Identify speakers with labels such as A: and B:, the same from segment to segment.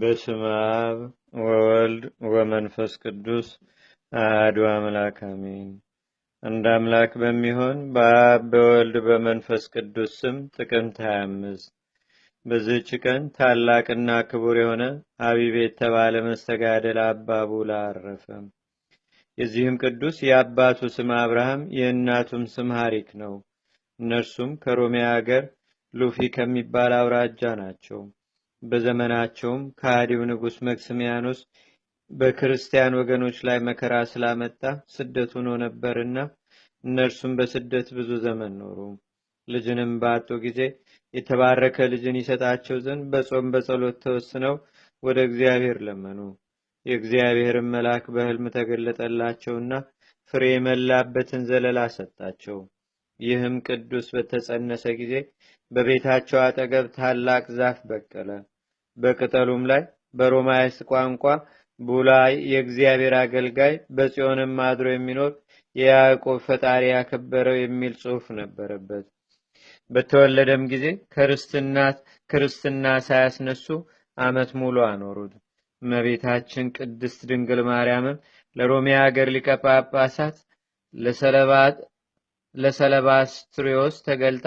A: በስመ አብ ወወልድ ወመንፈስ ቅዱስ አህዱ አምላክ አሜን። አንድ አምላክ በሚሆን በአብ በወልድ በመንፈስ ቅዱስ ስም ጥቅምት 25 በዚህች ቀን ታላቅና ክቡር የሆነ አቢብ የተባለ መስተጋደል አባ ቡላ አረፈ። የዚህም ቅዱስ የአባቱ ስም አብርሃም የእናቱም ስም ሀሪክ ነው። እነርሱም ከሮሜ አገር ሉፊ ከሚባል አውራጃ ናቸው። በዘመናቸውም ከሃዲው ንጉሥ መክስሚያኖስ በክርስቲያን ወገኖች ላይ መከራ ስላመጣ ስደት ሆኖ ነበርና እነርሱም በስደት ብዙ ዘመን ኖሩ። ልጅንም በአጡ ጊዜ የተባረከ ልጅን ይሰጣቸው ዘንድ በጾም በጸሎት ተወስነው ወደ እግዚአብሔር ለመኑ። የእግዚአብሔርን መልአክ በሕልም ተገለጠላቸውና ፍሬ የመላበትን ዘለላ ሰጣቸው። ይህም ቅዱስ በተጸነሰ ጊዜ በቤታቸው አጠገብ ታላቅ ዛፍ በቀለ። በቅጠሉም ላይ በሮማይስ ቋንቋ ቡላይ የእግዚአብሔር አገልጋይ በጽዮንም አድሮ የሚኖር የያዕቆብ ፈጣሪ ያከበረው የሚል ጽሑፍ ነበረበት። በተወለደም ጊዜ ክርስትና ሳያስነሱ ዓመት ሙሉ አኖሩት። እመቤታችን ቅድስት ድንግል ማርያምም ለሮሜ አገር ሊቀ ጳጳሳት ለሰለባስትሪዎስ ተገልጣ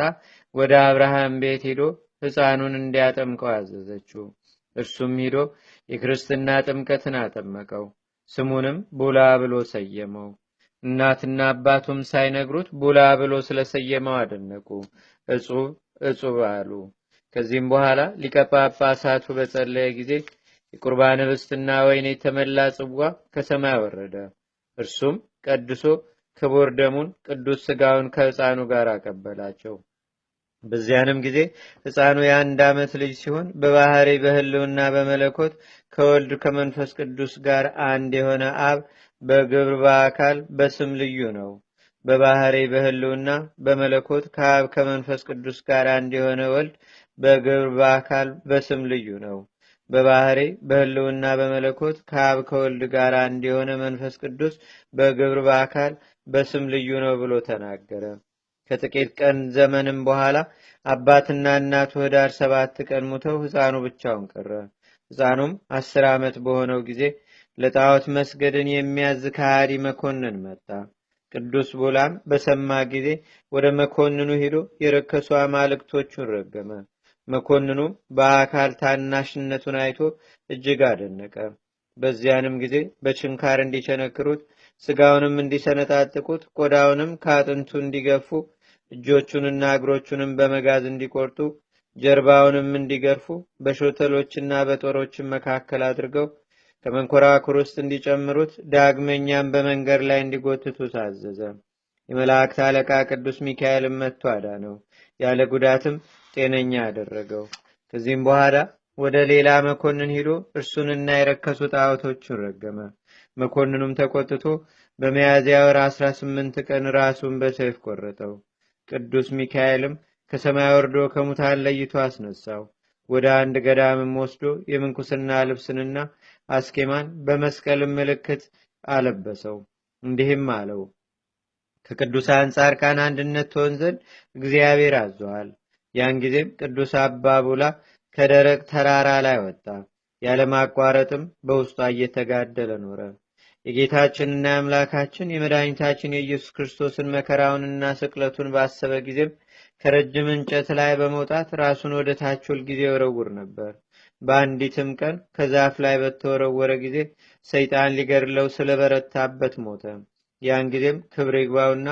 A: ወደ አብርሃም ቤት ሄዶ ሕፃኑን እንዲያጠምቀው አዘዘችው። እርሱም ሂዶ የክርስትና ጥምቀትን አጠመቀው። ስሙንም ቡላ ብሎ ሰየመው። እናትና አባቱም ሳይነግሩት ቡላ ብሎ ስለሰየመው አደነቁ፣ እጹብ እጹብ አሉ። ከዚህም በኋላ ሊቀ ጳጳሳቱ በጸለየ ጊዜ የቁርባን ብስትና ወይን የተመላ ጽዋ ከሰማይ ወረደ። እርሱም ቀድሶ ክቡር ደሙን ቅዱስ ሥጋውን ከሕፃኑ ጋር አቀበላቸው። በዚያንም ጊዜ ሕፃኑ የአንድ ዓመት ልጅ ሲሆን በባህሪ በህልውና በመለኮት ከወልድ ከመንፈስ ቅዱስ ጋር አንድ የሆነ አብ በግብር በአካል በስም ልዩ ነው። በባህሪ በህልውና በመለኮት ከአብ ከመንፈስ ቅዱስ ጋር አንድ የሆነ ወልድ በግብር በአካል በስም ልዩ ነው። በባህሪ በህልውና በመለኮት ከአብ ከወልድ ጋር አንድ የሆነ መንፈስ ቅዱስ በግብር በአካል በስም ልዩ ነው ብሎ ተናገረ። ከጥቂት ቀን ዘመንም በኋላ አባትና እናቱ ህዳር ሰባት ቀን ሙተው ህፃኑ ብቻውን ቀረ። ህፃኑም አስር ዓመት በሆነው ጊዜ ለጣዖት መስገድን የሚያዝ ከሃዲ መኮንን መጣ። ቅዱስ ቡላም በሰማ ጊዜ ወደ መኮንኑ ሂዶ የረከሱ አማልክቶቹን ረገመ። መኮንኑም በአካል ታናሽነቱን አይቶ እጅግ አደነቀ። በዚያንም ጊዜ በችንካር እንዲቸነክሩት፣ ስጋውንም እንዲሰነጣጥቁት፣ ቆዳውንም ከአጥንቱ እንዲገፉ እጆቹንና እግሮቹንም በመጋዝ እንዲቆርጡ ጀርባውንም እንዲገርፉ በሾተሎችና በጦሮችን መካከል አድርገው ከመንኮራኩር ውስጥ እንዲጨምሩት ዳግመኛም በመንገድ ላይ እንዲጎትቱ ታዘዘ። የመላእክት አለቃ ቅዱስ ሚካኤልም መጥቶ አዳነው፣ ያለ ጉዳትም ጤነኛ አደረገው። ከዚህም በኋላ ወደ ሌላ መኮንን ሂዶ እርሱንና የረከሱ ጣዖቶቹን ረገመ። መኮንኑም ተቆጥቶ በሚያዝያ ወር 18 ቀን ራሱን በሰይፍ ቆረጠው። ቅዱስ ሚካኤልም ከሰማይ ወርዶ ከሙታን ለይቶ አስነሳው። ወደ አንድ ገዳምም ወስዶ የምንኩስና ልብስንና አስኬማን በመስቀልም ምልክት አለበሰው። እንዲህም አለው፣ ከቅዱሳን ጻድቃን አንድነት ትሆን ዘንድ እግዚአብሔር አዟል። ያን ጊዜም ቅዱስ አባ ቡላ ከደረቅ ተራራ ላይ ወጣ። ያለማቋረጥም በውስጧ እየተጋደለ ኖረ። የጌታችንና የአምላካችን የመድኃኒታችን የኢየሱስ ክርስቶስን መከራውንና ስቅለቱን ባሰበ ጊዜም ከረጅም እንጨት ላይ በመውጣት ራሱን ወደ ታች ሁልጊዜ ይወረውር ነበር። በአንዲትም ቀን ከዛፍ ላይ በተወረወረ ጊዜ ሰይጣን ሊገድለው ስለበረታበት ሞተ። ያን ጊዜም ክብር ይግባውና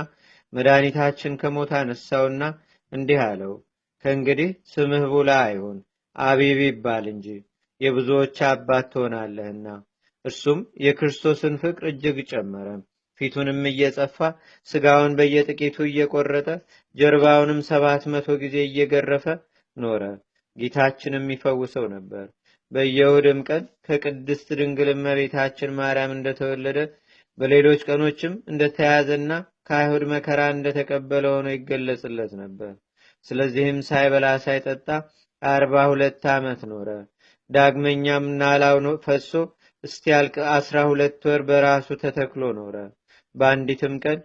A: መድኃኒታችን ከሞት አነሳውና እንዲህ አለው፣ ከእንግዲህ ስምህ ቡላ አይሁን አቢብ ይባል እንጂ የብዙዎች አባት ትሆናለህና እርሱም የክርስቶስን ፍቅር እጅግ ጨመረ። ፊቱንም እየጸፋ ስጋውን በየጥቂቱ እየቆረጠ ጀርባውንም ሰባት መቶ ጊዜ እየገረፈ ኖረ። ጌታችንም ይፈውሰው ነበር። በየውድም ቀን ከቅድስት ድንግል እመቤታችን ማርያም እንደተወለደ በሌሎች ቀኖችም እንደተያዘና ከአይሁድ መከራ እንደተቀበለ ሆኖ ይገለጽለት ነበር። ስለዚህም ሳይበላ ሳይጠጣ አርባ ሁለት ዓመት ኖረ። ዳግመኛም ናላው ፈሶ እስቲያልቅ አስራ ሁለት ወር በራሱ ተተክሎ ኖረ። በአንዲትም ቀን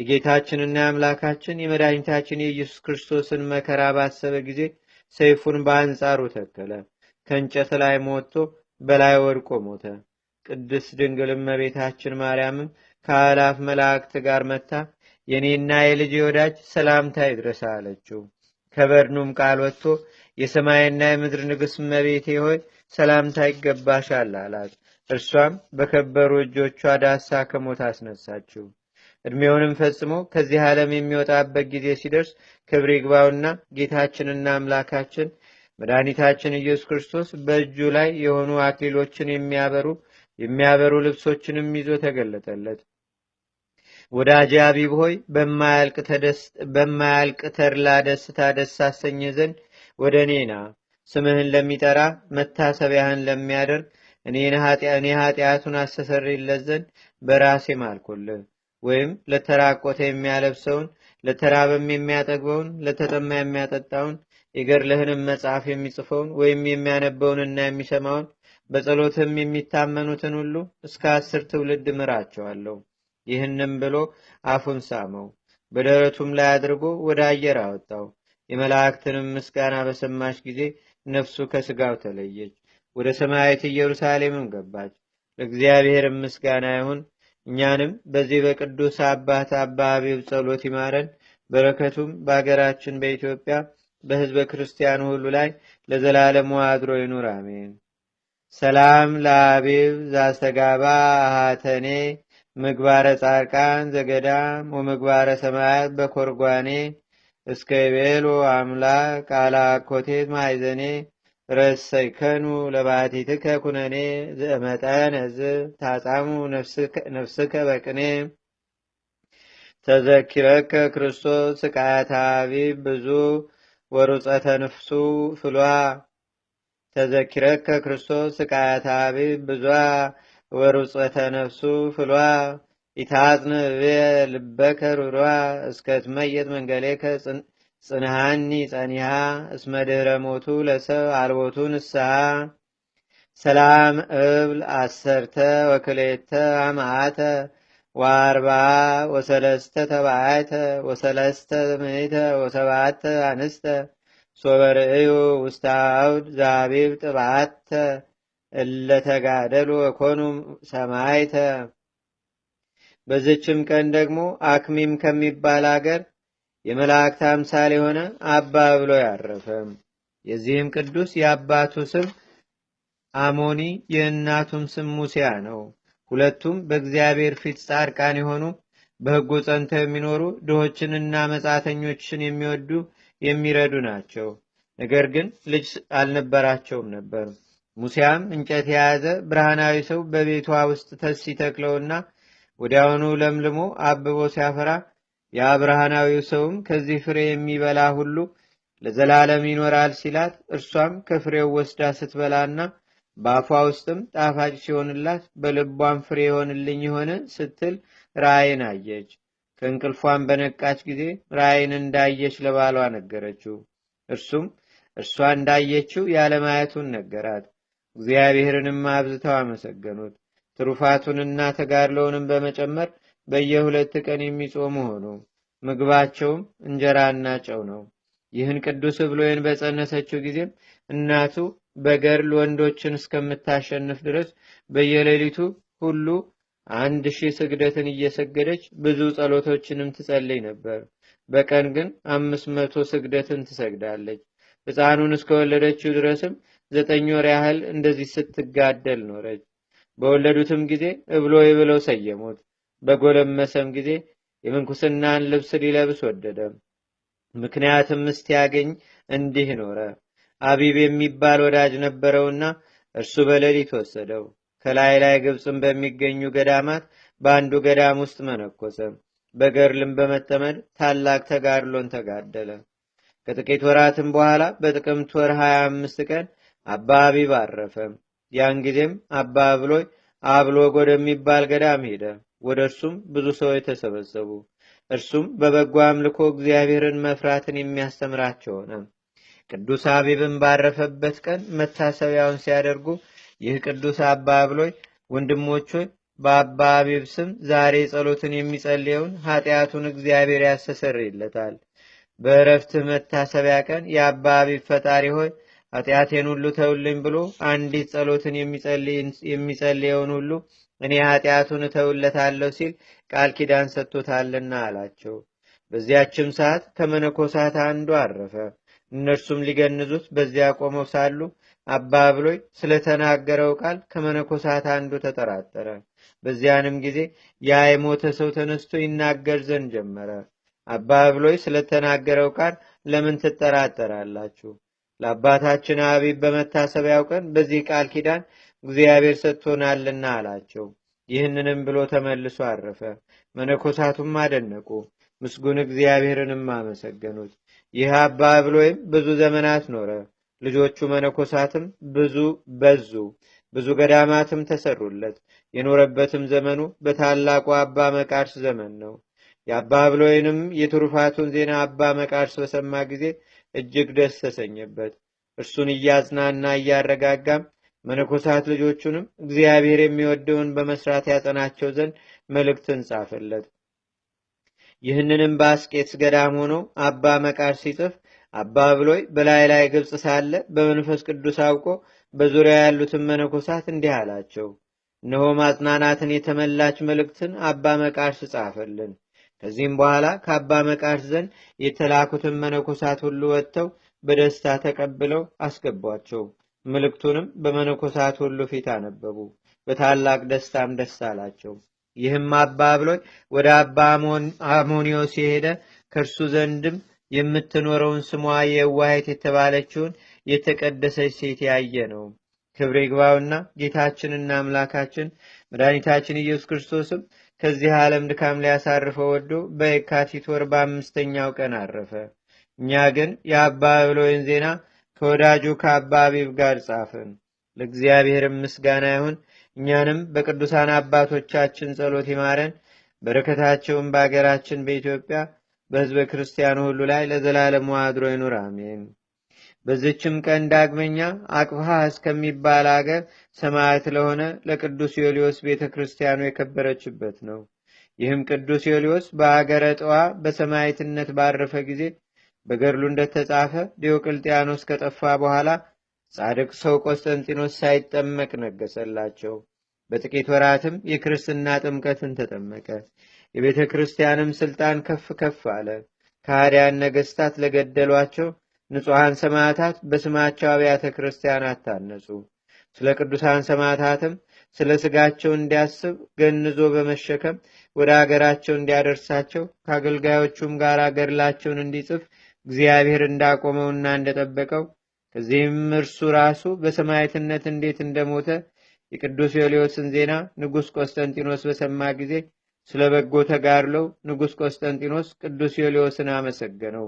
A: የጌታችንና የአምላካችን የመድኃኒታችን የኢየሱስ ክርስቶስን መከራ ባሰበ ጊዜ ሰይፉን በአንጻሩ ተከለ። ከእንጨት ላይ ሞቶ በላይ ወድቆ ሞተ። ቅድስት ድንግልም መቤታችን ማርያምም ከአላፍ መላእክት ጋር መታ የእኔና የልጅ ወዳጅ ሰላምታ ይድረሳ አለችው። ከበድኑም ቃል ወጥቶ የሰማይና የምድር ንግሥ መቤቴ ሆይ ሰላምታ ይገባሻል አላት። እርሷም በከበሩ እጆቿ ዳሳ ከሞት አስነሳችው። እድሜውንም ፈጽሞ ከዚህ ዓለም የሚወጣበት ጊዜ ሲደርስ ክብር ይግባውና ጌታችንና አምላካችን መድኃኒታችን ኢየሱስ ክርስቶስ በእጁ ላይ የሆኑ አክሊሎችን የሚያበሩ የሚያበሩ ልብሶችንም ይዞ ተገለጠለት። ወዳጅ አቢብ ሆይ በማያልቅ ተድላ ደስታ ደስ አሰኘ ዘንድ ወደ እኔና ስምህን ለሚጠራ መታሰቢያህን ለሚያደርግ እኔ ኃጢአቱን አስተሰርይለት ዘንድ በራሴ ማልኩልህ ወይም ለተራቆተ የሚያለብሰውን ለተራበም የሚያጠግበውን ለተጠማ የሚያጠጣውን የገድልህንም መጽሐፍ የሚጽፈውን ወይም የሚያነበውንና የሚሰማውን በጸሎትም የሚታመኑትን ሁሉ እስከ አስር ትውልድ ምራቸዋለሁ። ይህንም ብሎ አፉን ሳመው፣ በደረቱም ላይ አድርጎ ወደ አየር አወጣው። የመላእክትንም ምስጋና በሰማች ጊዜ ነፍሱ ከስጋው ተለየች። ወደ ሰማያዊት ኢየሩሳሌምም ገባች። ለእግዚአብሔር ምስጋና ይሁን። እኛንም በዚህ በቅዱስ አባት አባ አቢብ ጸሎት ይማረን። በረከቱም በአገራችን በኢትዮጵያ በህዝበ ክርስቲያኑ ሁሉ ላይ ለዘላለሙ አድሮ ይኑር፣ አሜን። ሰላም ለአቢብ ዛሰጋባ አሃተኔ ምግባረ ጻርቃን ዘገዳም ወምግባረ ሰማያት በኮርጓኔ እስከ ቤሎ አምላክ አላኮቴት ማይዘኔ ረሰይከኑ ለባቲትከ ኩነኔ ዘመጠን ህዝብ ታጻሙ ነፍስከ በቅኔ ተዘኪረከ ክርስቶስ ስቃያታቢ ብዙ ወሩፀተ ንፍሱ ፍሏ ተዘኪረከ ክርስቶስ ስቃያታቢ ብዙ ወሩፀተ ነፍሱ ፍሏ ኢታጽንብየ ልበከ ሩሯ እስከ ትመየጥ መንገሌከ ጽንሃኒ ጸኒሃ እስመ ድኅረ ሞቱ ለሰብ አልቦቱ ንስሓ ሰላም እብል አሰርተ ወክሌተ አማዓተ ወአርብዓ ወሰለስተ ተባዕተ ወሰለስተ ምእተ ወሰባተ አንስተ ሶበርእዩ ውስተ አውድ ዛቢብ ጥባተ እለተጋደሉ ወኮኑ ሰማይተ። በዝችም ቀን ደግሞ አክሚም ከሚባል አገር የመላእክት አምሳል የሆነ አባ ብሎ ያረፈ የዚህም ቅዱስ የአባቱ ስም አሞኒ የእናቱም ስም ሙሲያ ነው። ሁለቱም በእግዚአብሔር ፊት ጻድቃን የሆኑ በሕጉ ጸንተው የሚኖሩ ድሆችንና መጻተኞችን የሚወዱ የሚረዱ ናቸው። ነገር ግን ልጅ አልነበራቸውም ነበር። ሙሴያም እንጨት የያዘ ብርሃናዊ ሰው በቤቷ ውስጥ ተስ ሲተክለውና ወዲያውኑ ለምልሞ አብቦ ሲያፈራ የአብርሃናዊው ሰውም ከዚህ ፍሬ የሚበላ ሁሉ ለዘላለም ይኖራል ሲላት እርሷም ከፍሬው ወስዳ ስትበላና በአፏ ውስጥም ጣፋጭ ሲሆንላት በልቧም ፍሬ የሆንልኝ የሆነ ስትል ራእይን አየች። ከእንቅልፏን በነቃች ጊዜ ራእይን እንዳየች ለባሏ ነገረችው። እርሱም እርሷ እንዳየችው ያለማየቱን ነገራት። እግዚአብሔርንም አብዝተው አመሰገኑት። ትሩፋቱንና ተጋድለውንም በመጨመር በየሁለት ቀን የሚጾሙ ሆኑ። ምግባቸውም እንጀራና ጨው ነው። ይህን ቅዱስ ብሎይን በጸነሰችው ጊዜ እናቱ በገድል ወንዶችን እስከምታሸንፍ ድረስ በየሌሊቱ ሁሉ አንድ ሺህ ስግደትን እየሰገደች ብዙ ጸሎቶችንም ትጸልይ ነበር። በቀን ግን አምስት መቶ ስግደትን ትሰግዳለች። ሕፃኑን እስከወለደችው ድረስም ዘጠኝ ወር ያህል እንደዚህ ስትጋደል ኖረች። በወለዱትም ጊዜ እብሎይ ብለው ሰየሙት። በጎለመሰም ጊዜ የምንኩስናን ልብስ ሊለብስ ወደደ። ምክንያትም ያገኝ እንዲህ ኖረ። አቢብ የሚባል ወዳጅ ነበረውና እርሱ በሌሊት ወሰደው። ከላይ ላይ ግብፅን በሚገኙ ገዳማት በአንዱ ገዳም ውስጥ መነኮሰ። በገርልም በመጠመድ ታላቅ ተጋድሎን ተጋደለ። ከጥቂት ወራትም በኋላ በጥቅምት ወር 25 ቀን አባ አቢብ አረፈ። ያን ጊዜም አባ አብሎይ አብሎግ ወደሚባል ገዳም ሄደ። ወደ እርሱም ብዙ ሰዎች ተሰበሰቡ። እርሱም በበጎ አምልኮ እግዚአብሔርን መፍራትን የሚያስተምራቸው ሆነ። ቅዱስ አቢብን ባረፈበት ቀን መታሰቢያውን ሲያደርጉ ይህ ቅዱስ አባ ብሎይ ወንድሞቹ በአባ አቢብ ስም ዛሬ ጸሎትን የሚጸልየውን ኃጢአቱን እግዚአብሔር ያስተሰርይለታል። በእረፍትህ መታሰቢያ ቀን የአባ አቢብ ፈጣሪ ሆይ ኃጢአቴን ሁሉ ተውልኝ ብሎ አንዲት ጸሎትን የሚጸልየውን ሁሉ እኔ ኃጢአቱን እተውለታለሁ ሲል ቃል ኪዳን ሰጥቶታልና አላቸው። በዚያችም ሰዓት ከመነኮሳት አንዱ አረፈ። እነርሱም ሊገንዙት በዚያ ቆመው ሳሉ አባ ብሎይ ስለተናገረው ቃል ከመነኮሳት አንዱ ተጠራጠረ። በዚያንም ጊዜ ያ የሞተ ሰው ተነስቶ ይናገር ዘንድ ጀመረ። አባ ብሎይ ስለተናገረው ቃል ለምን ትጠራጠራላችሁ? ለአባታችን አቢብ በመታሰቢያው ቀን በዚህ ቃል ኪዳን እግዚአብሔር ሰጥቶናልና አላቸው። ይህንንም ብሎ ተመልሶ አረፈ። መነኮሳቱም አደነቁ፣ ምስጉን እግዚአብሔርንም አመሰገኑት። ይህ አባ ብሎይም ብዙ ዘመናት ኖረ። ልጆቹ መነኮሳትም ብዙ በዙ፣ ብዙ ገዳማትም ተሰሩለት። የኖረበትም ዘመኑ በታላቁ አባ መቃርስ ዘመን ነው። የአባ ብሎይንም የትሩፋቱን ዜና አባ መቃርስ በሰማ ጊዜ እጅግ ደስ ተሰኘበት። እርሱን እያዝናና እያረጋጋም መነኮሳት ልጆቹንም እግዚአብሔር የሚወደውን በመስራት ያጸናቸው ዘንድ መልእክትን ጻፈለት። ይህንንም በአስቄትስ ገዳም ሆኖ አባ መቃር ሲጽፍ አባ ብሎይ በላይ ላይ ግብፅ ሳለ በመንፈስ ቅዱስ አውቆ በዙሪያ ያሉትን መነኮሳት እንዲህ አላቸው። እነሆ ማጽናናትን የተመላች መልእክትን አባ መቃርስ ጻፈልን። ከዚህም በኋላ ከአባ መቃርስ ዘንድ የተላኩትን መነኮሳት ሁሉ ወጥተው በደስታ ተቀብለው አስገቧቸው። ምልክቱንም በመነኮሳት ሁሉ ፊት አነበቡ። በታላቅ ደስታም ደስ አላቸው። ይህም አባ ብሎይ ወደ አባ አሞኒዮስ የሄደ ከእርሱ ዘንድም የምትኖረውን ስሟ የዋሄት የተባለችውን የተቀደሰች ሴት ያየ ነው። ክብር ይግባውና ጌታችንና አምላካችን መድኃኒታችን ኢየሱስ ክርስቶስም ከዚህ ዓለም ድካም ሊያሳርፈው ወዶ በየካቲት ወር በአምስተኛው ቀን አረፈ። እኛ ግን የአባ ብሎይን ዜና ከወዳጁ ከአባ አቢብ ጋር ጻፍን። ለእግዚአብሔር ምስጋና ይሁን። እኛንም በቅዱሳን አባቶቻችን ጸሎት ይማረን። በረከታቸውን በአገራችን በኢትዮጵያ በሕዝበ ክርስቲያኑ ሁሉ ላይ ለዘላለሙ አድሮ ይኑር፣ አሜን። በዚችም ቀን ዳግመኛ አቅፋ እስከሚባል አገር ሰማያት ለሆነ ለቅዱስ ዮልዮስ ቤተ ክርስቲያኑ የከበረችበት ነው። ይህም ቅዱስ ዮልዮስ በአገረ ጠዋ በሰማይትነት ባረፈ ጊዜ በገድሉ እንደተጻፈ ዲዮቅልጥያኖስ ከጠፋ በኋላ ጻድቅ ሰው ቆስጠንጢኖስ ሳይጠመቅ ነገሰላቸው። በጥቂት ወራትም የክርስትና ጥምቀትን ተጠመቀ። የቤተ ክርስቲያንም ስልጣን ከፍ ከፍ አለ። ከሃዲያን ነገስታት ለገደሏቸው ንጹሐን ሰማዕታት በስማቸው አብያተ ክርስቲያናት ታነጹ። ስለ ቅዱሳን ሰማዕታትም ስለ ስጋቸው እንዲያስብ ገንዞ በመሸከም ወደ አገራቸው እንዲያደርሳቸው ከአገልጋዮቹም ጋር ገድላቸውን እንዲጽፍ እግዚአብሔር እንዳቆመውና እንደጠበቀው ከዚህም እርሱ ራሱ በሰማዕትነት እንዴት እንደሞተ የቅዱስ ዮልዮስን ዜና ንጉሥ ቆስጠንጢኖስ በሰማ ጊዜ ስለ በጎ ተጋድሎው ንጉሥ ቆስጠንጢኖስ ቅዱስ ዮልዮስን አመሰገነው።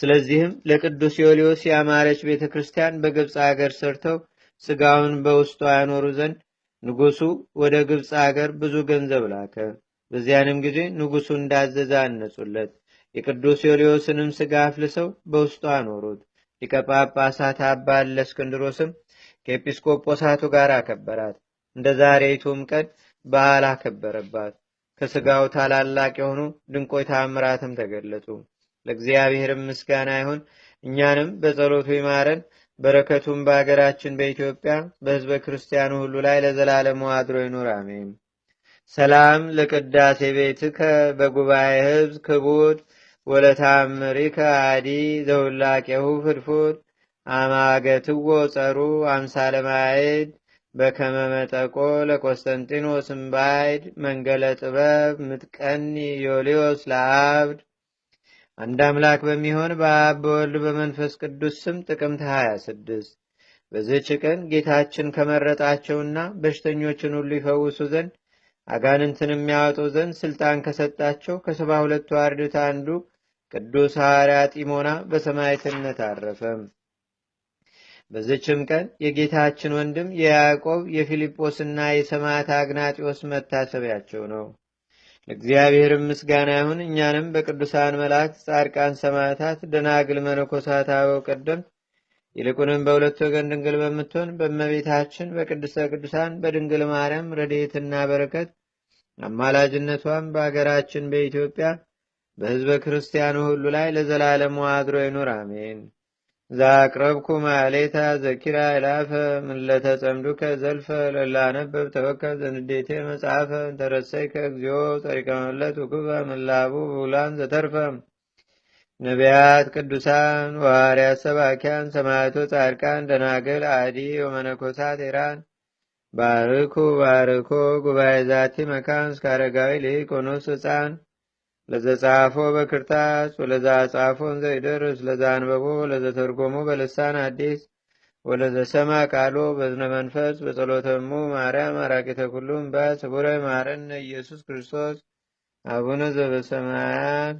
A: ስለዚህም ለቅዱስ ዮልዮስ የአማረች ቤተ ክርስቲያን በግብፅ አገር ሰርተው ስጋውን በውስጡ ያኖሩ ዘንድ ንጉሱ ወደ ግብፅ አገር ብዙ ገንዘብ ላከ። በዚያንም ጊዜ ንጉሱ እንዳዘዘ አነጹለት። የቅዱስ ዮርዮስንም ስጋ አፍልሰው በውስጡ አኖሩት። ሊቀ ጳጳሳት አባ እለእስክንድሮስም ከኤጲስቆጶሳቱ ጋር አከበራት። እንደ ዛሬቱም ቀን በዓል አከበረባት። ከስጋው ታላላቅ የሆኑ ድንቆይ ታምራትም ተገለጹ። ለእግዚአብሔርም ምስጋና ይሁን። እኛንም በጸሎቱ ይማረን። በረከቱም በአገራችን በኢትዮጵያ በህዝበ ክርስቲያኑ ሁሉ ላይ ለዘላለሙ አድሮ ይኑር፣ አሜን። ሰላም ለቅዳሴ ቤት በጉባኤ ህብዝ ክቡድ ወለታምሪከ አዲ ዘውላቄሁ ፍድፉድ አማገትዎ ጸሩ አምሳለማይድ በከመመጠቆ በከመ እምባይድ መንገለ ጥበብ ምጥቀኒ ዮልዮስ ለአብድ አንድ አምላክ በሚሆን በአብ በወልድ በመንፈስ ቅዱስ ስም ጥቅምት 26 በዚህች ቀን ጌታችን ከመረጣቸውና በሽተኞችን ሁሉ ይፈውሱ ዘንድ አጋንንትን የሚያወጡ ዘንድ ስልጣን ከሰጣቸው ከሰባ ሁለቱ አርድእት አንዱ ቅዱስ ሐዋርያ ጢሞና በሰማዕትነት አረፈ። በዚችም ቀን የጌታችን ወንድም የያዕቆብ የፊልጶስና የሰማዕት አግናጢዎስ መታሰቢያቸው ነው። ለእግዚአብሔር ምስጋና ይሁን። እኛንም በቅዱሳን መላእክት፣ ጻድቃን፣ ሰማዕታት፣ ደናግል፣ መነኮሳት፣ አበው ቀደምት ይልቁንም በሁለት ወገን ድንግል በምትሆን በእመቤታችን በቅድስተ ቅዱሳን በድንግል ማርያም ረድኤትና በረከት አማላጅነቷም በአገራችን በኢትዮጵያ በሕዝበ ክርስቲያኑ ሁሉ ላይ ለዘላለሙ አድሮ ይኑር። አሜን። ዛቅረብኩ ማሌታ ዘኪራ ይላፈ ምለተ ጸምዱከ ዘልፈ ለላነበብ ተወከ ዘንዴቴ መጽሐፈ እንተረሰይከ እግዚኦ ጸሪቀ መለት ውክበ ምላቡ ብውላን ዘተርፈም ነቢያት፣ ቅዱሳን፣ ዋርያት፣ ሰባኪያን፣ ሰማያቶ፣ ጻድቃን፣ ደናግል፣ አዲ ወመነኮሳት ኢራን ባርኩ ባርኮ ጉባኤ ዛቲ መካን እስከ አረጋዊ ልሂቅ ኖስ ህፃን ለዘጻፎ በክርታስ ወለዛ ጻፎን ዘይደርስ ለዛ አንበቦ ለዘተርጎሞ በልሳን አዲስ ወለዘሰማ ቃሎ በዝነ መንፈስ በጸሎተሙ ማርያም አራቂተ ኩሉም ባ ማረነ ኢየሱስ ክርስቶስ አቡነ ዘበሰማያት